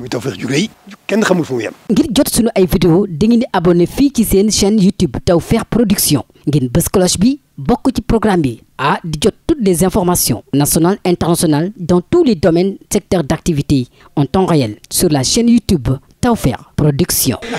muy Tawfekh ju rëy ngir jot sunu ay vidéo dangeen di abonné fii ci seen chaîne YouTube Tawfekh Production ngeen bës bi bokk ci programme bi a di jot toutes les informations nationales internationales dans tous les domaines secteurs d'activité en temps réel sur la chaîne YouTube Tawfekh Production. Ah,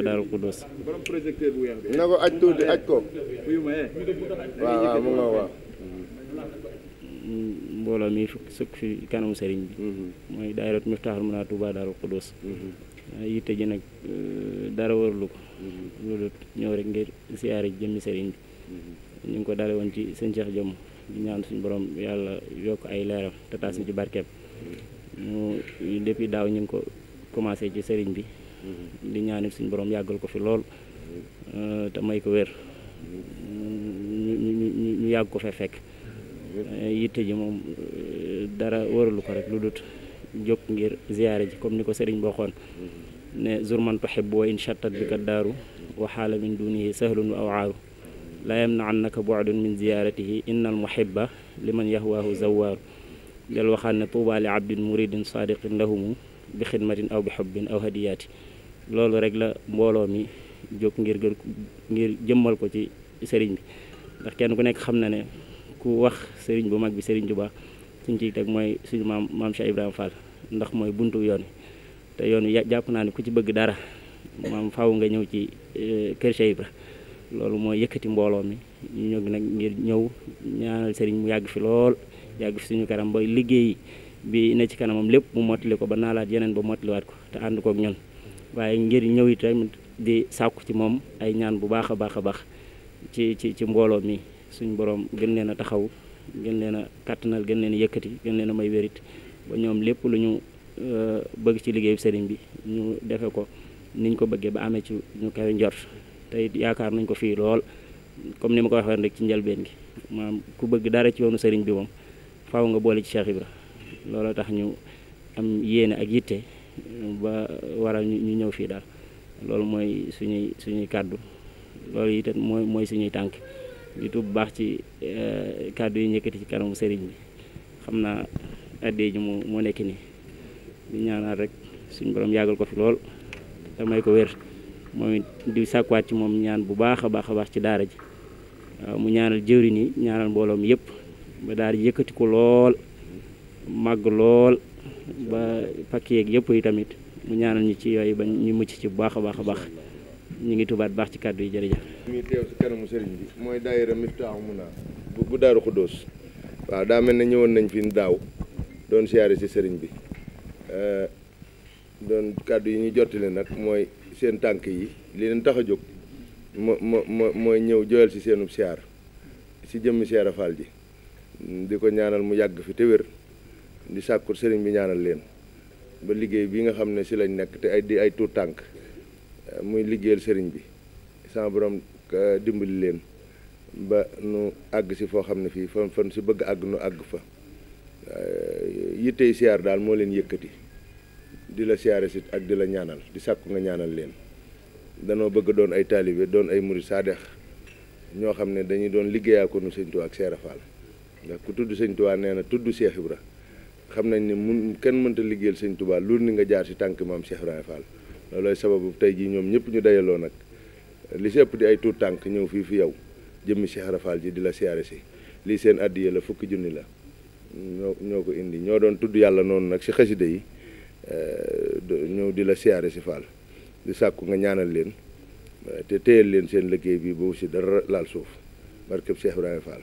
Touba Darou Khoudoss. na ko aj tuuti aj ko. waaw mu nga waaw. mbooloo mi fukki fi kanamu sëriñ bi. Mhm. mooy daayrat Miftaaxul Munaa Touba Darou Khoudoss. Mhm. yitte ji nag euh, dara warlu ko. Mhm. ñëw rek ngir siyaare jëmmi sëriñ bi. ñu ngi ko dale woon ci sëñ Cheikh Jom di ñaan suñu borom yàlla yokk ay leeram te taas ñu ci barkeem. ñu depuis daaw ñu ngi ko commencé ci sëriñ bi. di ñaanit suñu boroom yàggal ko fi lool euh, te may ko wér ñu ñu ñu yàgg ko fee fekk yitte ji moom euh, dara waralu ko rek lu dut jóg ngir ziyaare ji comme ni ko sëriñ bokkoon ne zurman tuhibbu wa in chattat bika daaru wa xaala min dunihi sahlun wa awaaru la yamnaannaka bu'dun min ziyaaratihi innal muhibba liman yahwaahu zawaaru del waxaan ne tuuba li abdin muridin saadiqin lahumu bi xidmatin aw bi xubbin aw hadiyaati loolu rek la mbooloo mi jóg ngir gën ngir jëmmal ko ci sëriñ bi ndax kenn ku nekk xam na ne ku wax sëriñ bu mag bi sëriñ bu baax suñ ciy teg mooy suñu maam maam Cheikh Ibrahima Fall ndax mooy buntu yoon te yoon wi jàpp naa ne ku ci bëgg dara maam faw nga ñëw ci e, kër Cheikh Ibra loolu mooy yëkkati mbooloo mi ñu ñëw nag ngir ñëw ñaanal sëriñ mu yàgg fi lool yàgg fi suñu kanam ba liggéey bi ne ci kanamam lépp mu mottali ko ba naalaat yeneen ba mottaliwaat ko te ànd kook ñun waaye ngir ñëw yi tamit di sàkku ci moom ay ñaan bu baax a baax a baax ci ci ci mbooloo mi suñ borom gën leen a taxaw gën leen a kàttanal gën leen a gën leen a may wérit ba ñoom lépp lu ñu euh, bëgg ci liggéeyu sëriñ bi ñu defe ko niñ ko bëggee ba amee ci ñu kawe njort te yaakaar nañ ko fii lool comme ni ma ko waxee rek ci njëlbeen gi maam ku bëgg dara ci yoonu sëriñ bi moom faw nga boole ci Cheikh Ibra looloo tax ñu am yéene ak yitte ba waral ñu ñëw fii daal loolu mooy suñuy suñuy kàddu loolu itam mooy mooy suñuy tànk di tuub baax ci eh, kàddu yi ñëkkati ci kanamu sëriñ bi xam naa addee ji mu moo nekk nii di ñaanal rek suñ borom yàggal ko fi lool te may ko wér moom di sàkkuwaat ci moom ñaan bu baax a baax a baax ci daara ji waaw mu ñaanal jëwriñ yi ñaanal mbooloom yëpp ba daara ji yëkkati ko lool màgg lool ba pakk yeeg yëpp yi tamit mu ñaanal ñu ci yooyu ba ñu mucc ci bu baax a baax a baax ñu ngi tubaat baax ci kàddu yi jërëjëf. muy teew si kanamu sëriñ bi mooy daayira Miftaahu Muna bu bu Daaru Xuddoos waaw daa mel na ñëwoon nañ fi daaw doon siyaare si sëriñ bi doon kàddu yi ñu jottali nag mooy seen tànk yi li leen tax a jóg mo mo mooy ñëw joyal si seenub siyaar si jëmmi siyaara Faal ji di ko ñaanal mu yàgg fi te wér di sàkkul sëriñ bi ñaanal leen ba liggéey bi nga xam ne si lañ nekk te ay di ay tuut tànk eh, muy liggéeyal sëriñ bi sama borom eh, dimbali leen ba nu àgg si foo xam ne fii fan fan si bëgg àgg nu àgg fa eh, yittey siyaar daal moo leen yëkkati di la siyaare si ak di la ñaanal di sàkku nga ñaanal leen danoo bëgg doon ay taalibe doon ay murid saadex ñoo xam ne dañu doon liggéeyaa ko nu sëñ Tuubaa ak Seera Faal ndax ku tudd sëñ Tuubaa nee na tudd Seex ra xam nañ ne mun kenn mënta liggéeyal sëñ Touba loolu ni nga jaar si tànk maam Cheikh Ibrahima Fall loolooy sababu tey jii ñoom ñëpp ñu dajaloo nag li si ëpp di ay tuut tànk ñëw fii fi yow jëmmi Cheikh Ibrahima Fall ji di la siyaare si lii seen addiya la fukki junni la ñoo ko indi ñoo doon tudd yàlla noonu nag si xasida yi eh, ñëw di la siyaare si Fall sàkku nga ñaanal leen eh, te téyel leen seen liggéey bi boobu si dara laal suuf barkeb Cheikh Ibrahima Fall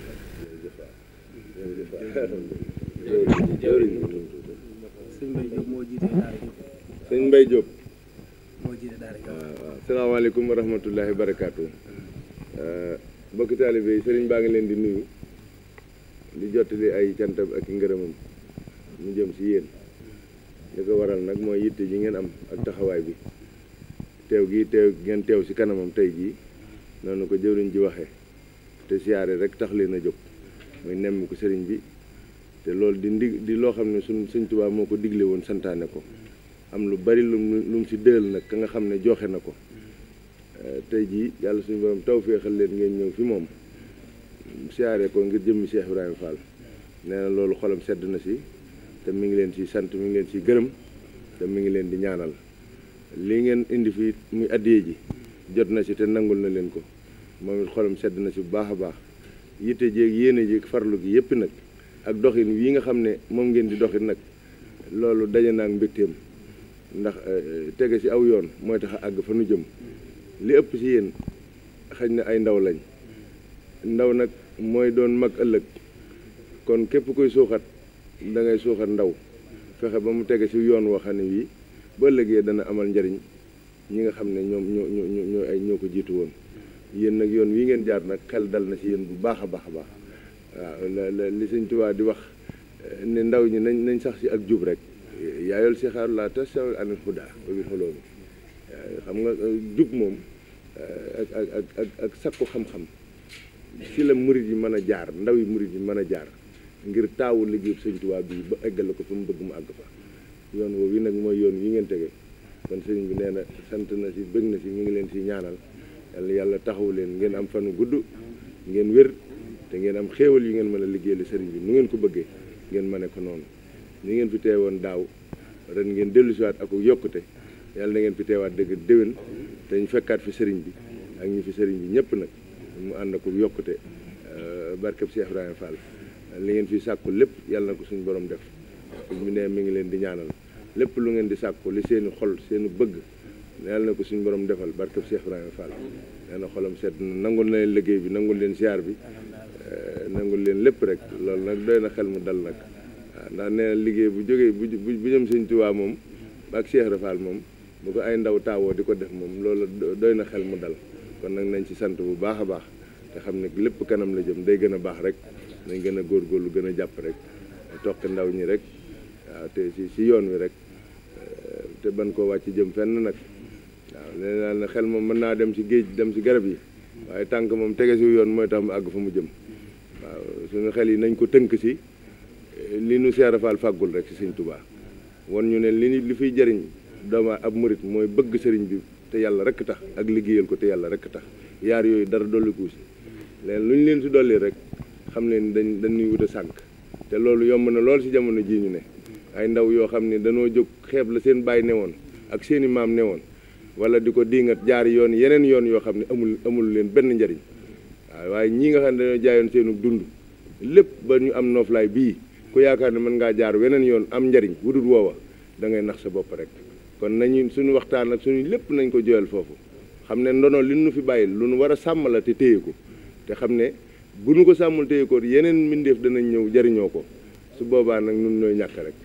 sëñ Mbaye Diop moo jiite daara Diop. moo jiite daara Diop. waaw waaw salaamaaleykum wa barakaatu. Mm-hmm. mbokki taalibe sëriñ baa ngi leen di nuyu. di jottali ay cantam ak i ngërëmam mu jëm si yéen mm-hmm. li ko waral nag mooy yitte ji ngeen am ak taxawaay bi teew gi teew ngeen teew ci kanamam tey jii mm-hmm. noonu ko jëwriñ ji waxee te siyaare rek tax leen a jóg muy nemm ko sëriñ bi te loolu di ndig di loo xam ne suñu sëñ moo ko digle woon santaane ko am lu bari lu mu si dël nag ka nga xam ne joxe na ko euh, tey jii yàlla suñu borom taw féexal leen ngeen ñëw fi moom siyaare ko ngir jëmmi Cheikh Ibrahima Fall nee na loolu xolam sedd na si te mi ngi leen si sant mi ngi leen gërëm te mi ngi leen di ñaanal li ngeen indi fii muy addiye ji jot na si te nangul na leen ko moom it xolam sedd na si bu baax a baax yitte jéeg yéene jéeg farlu gi yëpp nag ak doxin wii nga xam ne moom ngeen di doxin nag loolu daje naa ak mbégteem ndax eh, tege ci aw yoon mooy tax a àgg fa nu jëm li ëpp ci yéen xañ na ay ndaw lañ ndaw nag mooy doon mag ëllëg kon képp koy suuxat da suuxat ndaw fexe ba mu tege ci yoon woo ne wii ba ëllëgee dana amal njariñ ñi nga xam ne ñoom ñoo ñoo ñoo ko jiitu woon yéen nag yoon wii ngeen jaar nag xel dal na ci yéen bu baax a baax a baax waaw la li sëñ Tuubaa di wax eh, ne ndaw ñi nañ nañ sax si ak jub rek yaayol si xaar la tas sawul anil xuda babil xoloo mi eh, xam nga eh, jub moom ak ak ak ak ak sakku xam-xam si la murit yi mën a jaar ndaw yi murit yi mën a jaar ngir taawu liggéeyu sëñ Tuubaa bii ba eggale ko fa mu bëgg mu àgg fa yoon woowu nag mooy yoon yi ngeen tege kon sëriñ bi nee na sant na si bëgg na si ñu ngi leen si ñaanal yàlla yàlla taxaw leen ngeen am fanu gudd ngeen wér te ngeen am xéewal yi ngeen mën a liggéeyal sëriñ bi nu ngeen ko bëggee ngeen mën ko noonu ni ngeen fi teewoon daaw ren ngeen dellusiwaat ak yokkute yàlla na ngeen fi teewaat dëgg déwén te ñu fekkaat fi sëriñ bi ak ñi fi sëriñ bi ñëpp nag mu ànd ak yokkute euh, barkeb Cheikh Ibrahima Fall li ngeen fi sàkku lépp yàlla na ko suñu borom def mu ne mi ngi leen di ñaanal lépp lu ngeen di sàkku li seeni xol seeni bëgg yàlla na ko suñu borom defal barkeb Cheikh Ibrahima Fall nee na xolam sedd na nangul na leen liggéey bi nangu leen ziar bi Eh, nangu leen lépp rek loolu nag doy na xel mu dal nag waaw ndax nee na liggéey bu jógee bu bu bu ñëm sëñ Tuubaa moom ak Cheikh Rafal moom bu ko ay ndaw taawoo di ko def moom loolu doy na xel mu dal kon nag nañ ci sant bu baax a baax te xam ne lépp kanam la jëm day gën a baax rek nañ gën a góor góor lu gën a jàpp rek toqi ndaw ñi rek waaw te si si yoon wi rek eh, te ban koo wàcc jëm fenn nag waaw nee naa ne xel moom mën naa dem ci géej dem ci garab yi waaye tànk moom tege yoon mooy tax mu àgg fa mu jëm waaw suñu xel yi nañ ko tënk si eh, li nu Seera Faal fàggul rek si sëñ Tuubaa wan ñu ne li li fiy jëriñ dama ab morit mooy bëgg sëriñ bi te yàlla rek tax ak liggéeyal ko te yàlla rek tax yaar yooyu dara dolli si leen lu ñu leen si dolli rek xam ne dañ dañuy wut a sànq te loolu yomb na lool si jamono jii ñu ne ay ndaw yoo xam ne danoo jóg xeeb la seen ne woon ak seen i maam woon wala di ko diingat jaar yoon yeneen yoon yoo xam ne amul amul leen benn njariñ waaye ñii nga xam ne dañoo jaayoon seenu dund lépp ba ñu am nooflaay bii ku yaakaar ne mën ngaa jaar weneen yoon am njariñ wudul woowa dangay nax sa bopp rek kon nañu suñu waxtaan ak suñu lépp nañ ko joyal foofu xam ne ndono li nu fi bàyyi lu nu war a sàmm la te téye ko te xam ne bu nu ko sàmmul téye ko yeneen mbindeef danañ ñëw njariñoo ko su boobaa nag nun ñooy ñàkk rek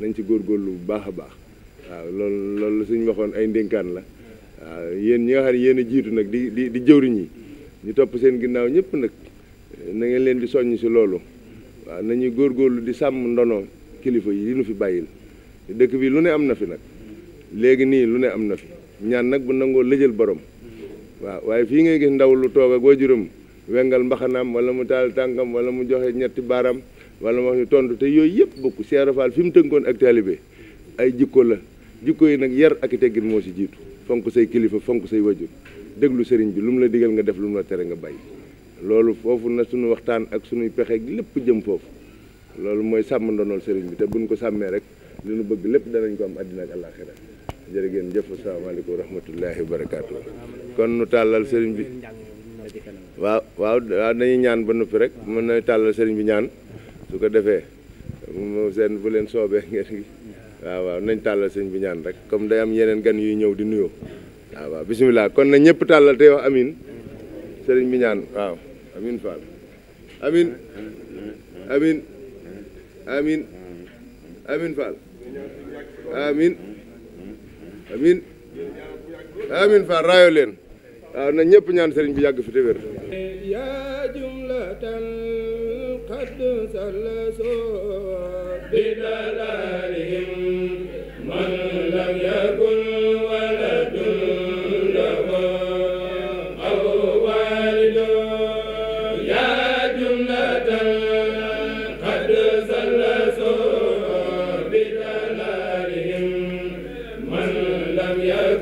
nañ ci góorgóorlu lu baax a baax waaw loolu suñu waxoon ay ndénkaan la waaw yéen ñi nga xam yéen jiitu nag di di di jëwriñ yi ñu topp seen ginnaaw ñëpp nag eh, na leen di soññ si loolu waaw nañuy góorlu di sàmm ndono kilifa yi nu fi bàyyil dëkk bi lu ne am na fi nag léegi nii lu ne am na fi ñaan nag bu nangoo lëjal borom waaw waaye fii ngay gis ndaw lu toog ak waajuram wengal mbaxanaam wala mu taal tànkam wala mu joxe ñetti baaram wala mu wax ñu tontu te yooyu yëpp bokk Cheikh Fall fi mu tënkoon ak taalibe ay jikko la jikko yi nag yar ak i teggin moo si jiitu fonk say kilifa fonk say wajur déglu sëriñ bi lu mu la digal nga def lu mu la tere nga bàyyi loolu foofu na suñu waxtaan ak suñuy pexe lépp jëm foofu loolu mooy sàmm ndonool sëriñ bi te buñ ko sàmmee rek li nu bëgg lépp danañ ko am àddina ak àllaaxira jërë ngeen jëf asalaamaaleykum wa rahmatullaahi wa barakaatu kon nu tàllal sëriñ bi waaw waaw waaw dañuy ñaan ba noppi rek mën na tàllal sëriñ bi ñaan su ko defee mu seen bu leen soobee ngeen waaw waaw nañ tàllal sëriñ bi ñaan rek comme day am yeneen gan yuy ñëw di nuyoo Ah, waaw kon na ñëpp tàllal tey wax amin sëriñ bi ñaan waaw amin Fall amin amin amin amin raayo leen waaw na ñëpp ñaan sëriñ bi yàgg fi te wér yaa jumlatan qad sallaso bi dalalihim man lam yakun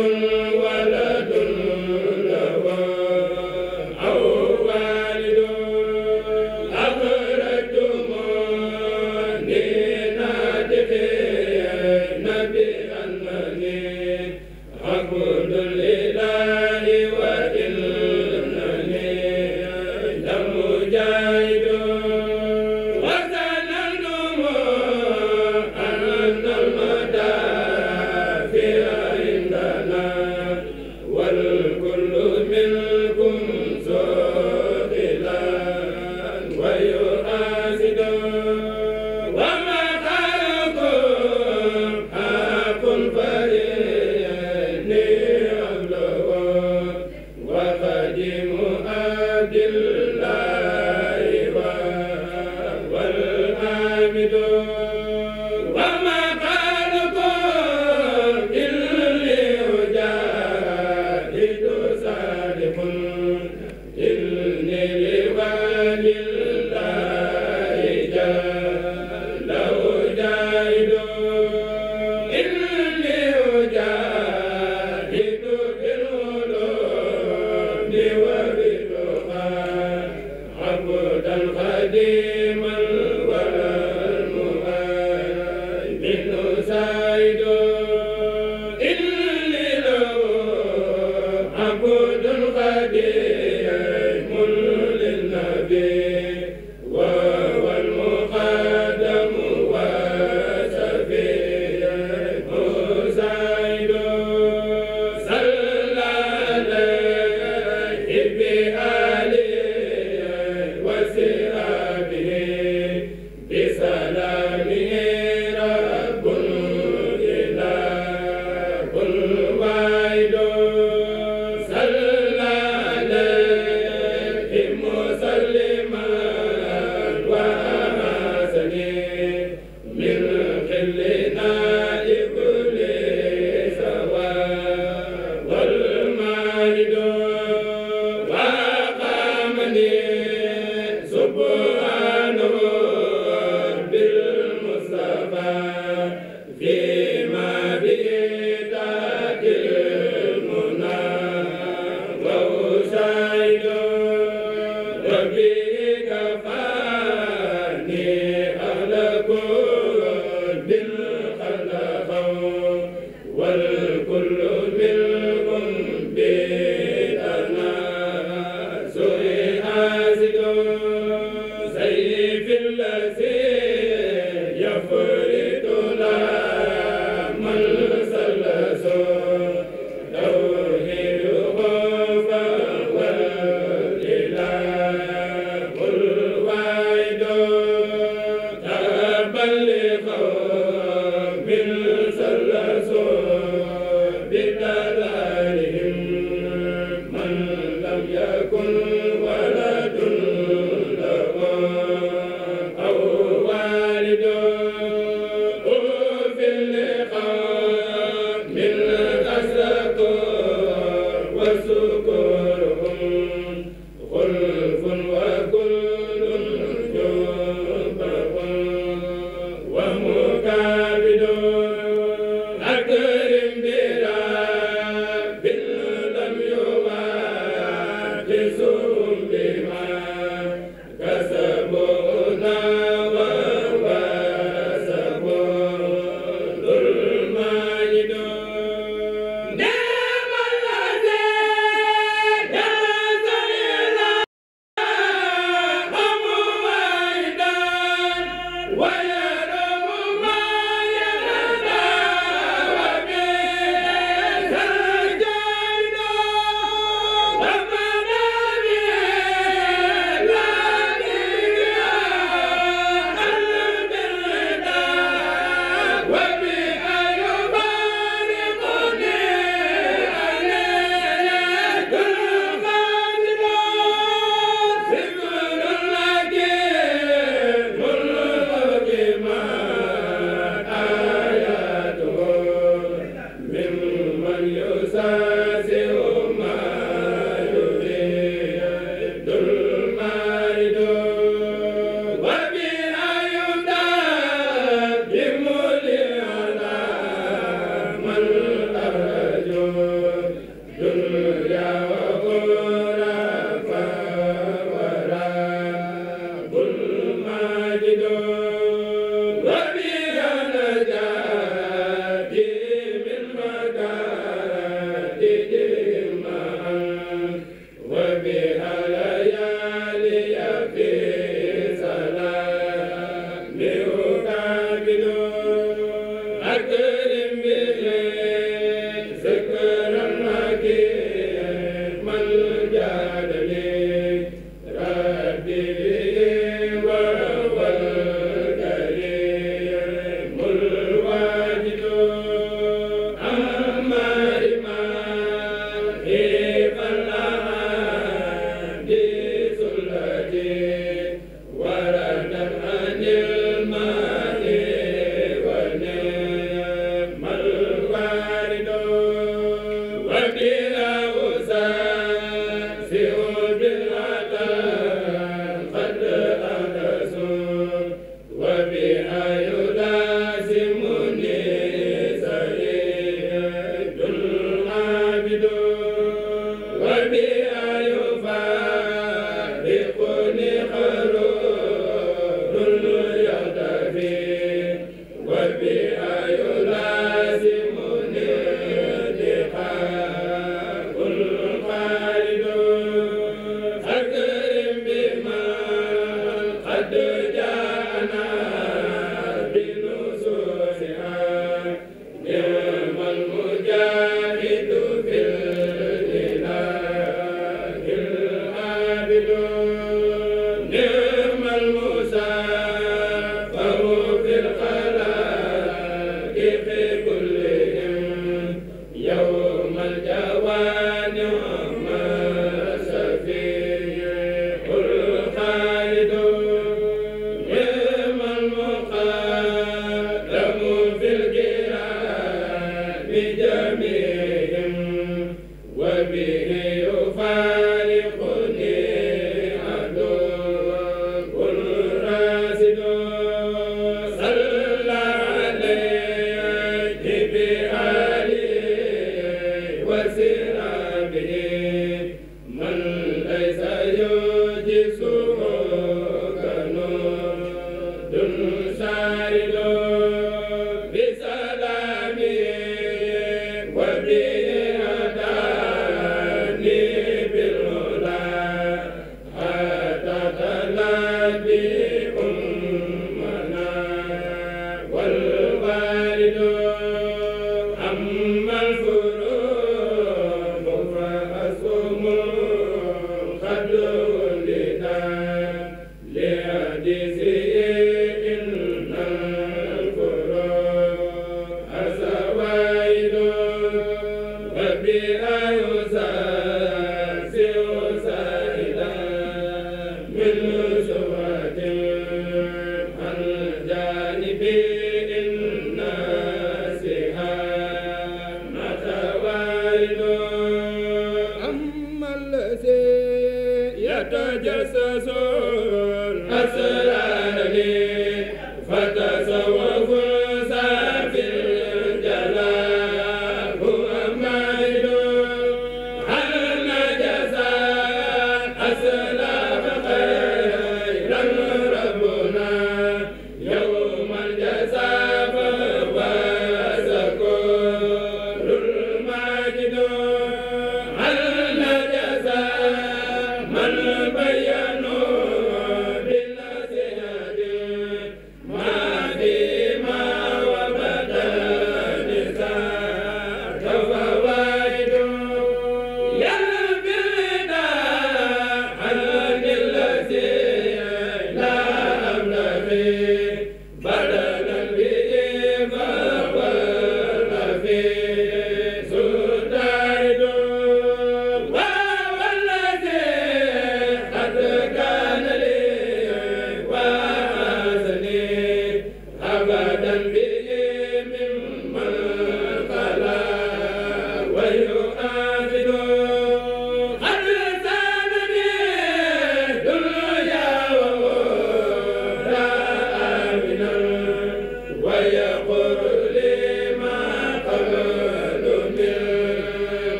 كل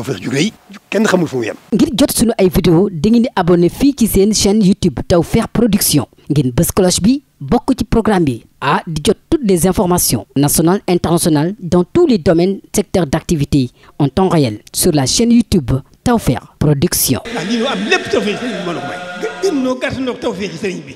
Tawfekh ju rëy kenn xamul fu mu yem. ngir jot sunu ay vidéo dangeen di abonné fii ci seen chaîne YouTube Tawfekh Production ngeen bës bi bokk ci programme bi ah di jot toutes les informations nationales internationales dans tous les domaines secteurs d'activité en temps réel sur la chaîne YouTube Tawfekh Production. ah